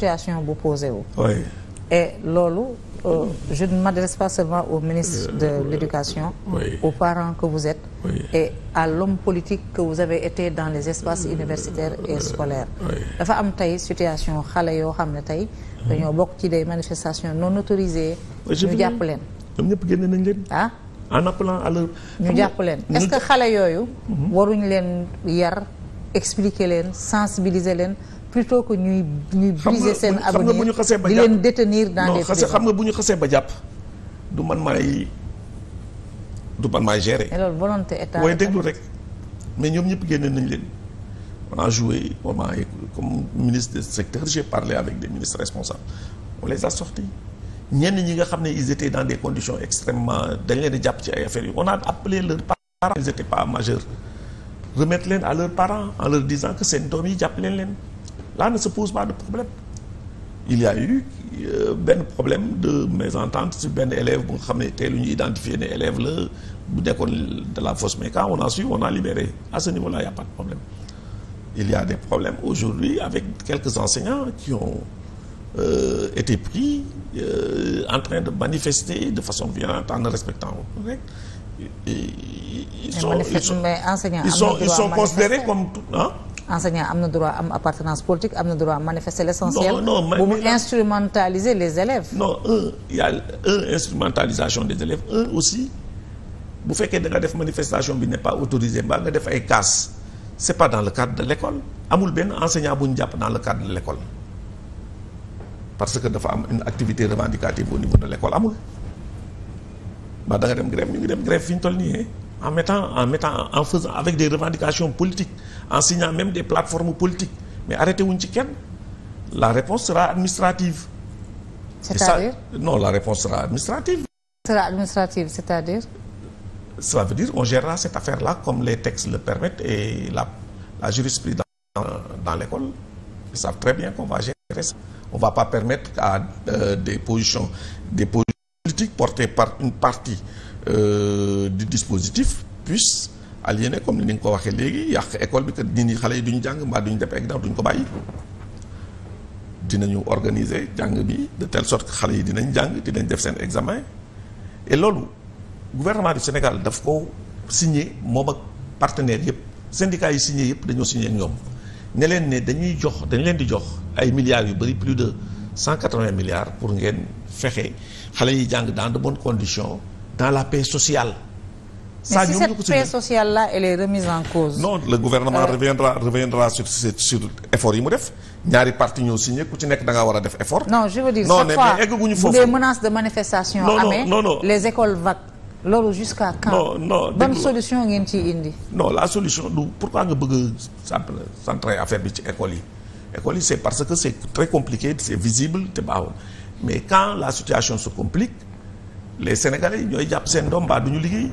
situation bu posé wu. loolu euh, je ne m'adresse pas seulement au ministre euh, de l'éducation oui. aux que vous êtes. Oui. à lom politique que vous avez été dans les espaces euh, universitaires et euh, scolaires. dafa am tey situation xale yoo xam ne tey. dañoo bokk ci de manifestations non autorisées. ñu jàpp leen. ñoom ñëpp génne nañ leen. Ah? ñu jàpp leen est-ce que xale yooyu. Mhm. waruñ leen yar expliquer leen sensibiliser leen. plutôt ko ñuy ñuy briser seen avenir di leen détenir dans des prisons xam nga bu ñu xasee ba jàpp du man maay du man maay gérer. mais loolu volonté état waaye déglu rek mais ñoom ñëpp génne nañ leen on a joué on a comme ministre de secteur j'ai parlé avec des ministres responsables on les a sortis ñenn ñi nga xam ne ils étaient dans des conditions extrêmement dañ leen di jàpp ci ay affaires yi on a appelé leurs parents ils étaient pas majeurs remettre leen à leurs parents en leur disant yi jàpp leen là ne se pose pas de problème il y a eu euh, benn problème de mésentente sur benn élève bu nga xam ne tey lu ñu identifier ne élève la bu nekkoon de la fausse mais quand on a su on a libéré à ce niveau là il y pas de problème il y a des problèmes aujourd'hui avec quelques enseignants qui ont euh, été pris euh, en train de manifester de façon violente en ne respectant aucune règle ils sont considérés comme tout enseignant am na droit am appartenance politique am na droit manifester l'essentiel bu mu instrumentaliser les élèves non un y a un instrumentalisation des élèves un aussi bu fekkee da def manifestation bi ne pas autorisée mbaa nga def ay casse c'est pas dans le cadre de l'école amul benn enseignant bu ñu jàpp dans le cadre de l'école parce que dafa am une activité revendicative au niveau de l'école amul mbaa da nga dem grève ñu ngi dem grève fi ñu toll nii en mettant en mettant en faisant avec des revendications politiques en signant même des plateformes politiques mais arrêté wuñ ci kenn la réponse sera administrative. c'est-à-dire non la réponse sera administrative. sera administrative c'est-à-dire. veut dire on gérera cette affaire-là comme les textes le permettent et la la jurisprudence dans, dans l'école ils savent très bien qu'on va gérer on va pas permettre à euh, des positions des positions politiques portées par une partie. Euh, di dispositif puisse aliéné comme ni nga ko waxee léegi yàq école bi kat nit ñi xale yi duñu jàng mbaa duñu def examen duñu ko bàyyi dinañu organiser jàng bi de telle sorte que xale yi dinañ jàng dinañ def seen examen et loolu gouvernement du Sénégal daf ko signé moom ak partenaire yëpp syndicats yi signé yëpp dañoo signe ak ñoom ne leen ne dañuy jox dañ leen di jox ay milliards yu bëri plus de cent quatre-vingts milliards pour ngeen fexe xale yi jàng dans de bonnes conditions dans la paix sociale. ça mais si cette paix sociale là elle est remise en cause. non le gouvernement reviendra reviendra sur sur, sur yi mu def ñaari parti ñoo signé ku ci nekk da ngaa war a def effort. non je veux dire non, chaque fois eggaguñu foofu des menaces de manifestation. non amee les écoles vac loolu jusqu'à quand. non non bonne solution ngeen ciy indi. non la solution du pourquoi nga bëgg a centrer affaire bi ci école yi école yi c'est parce que c'est très compliqué c'est visible te baaxul mais quand la situation se les sénégalais ñooy jàpp seen doom mbaa du liggéey.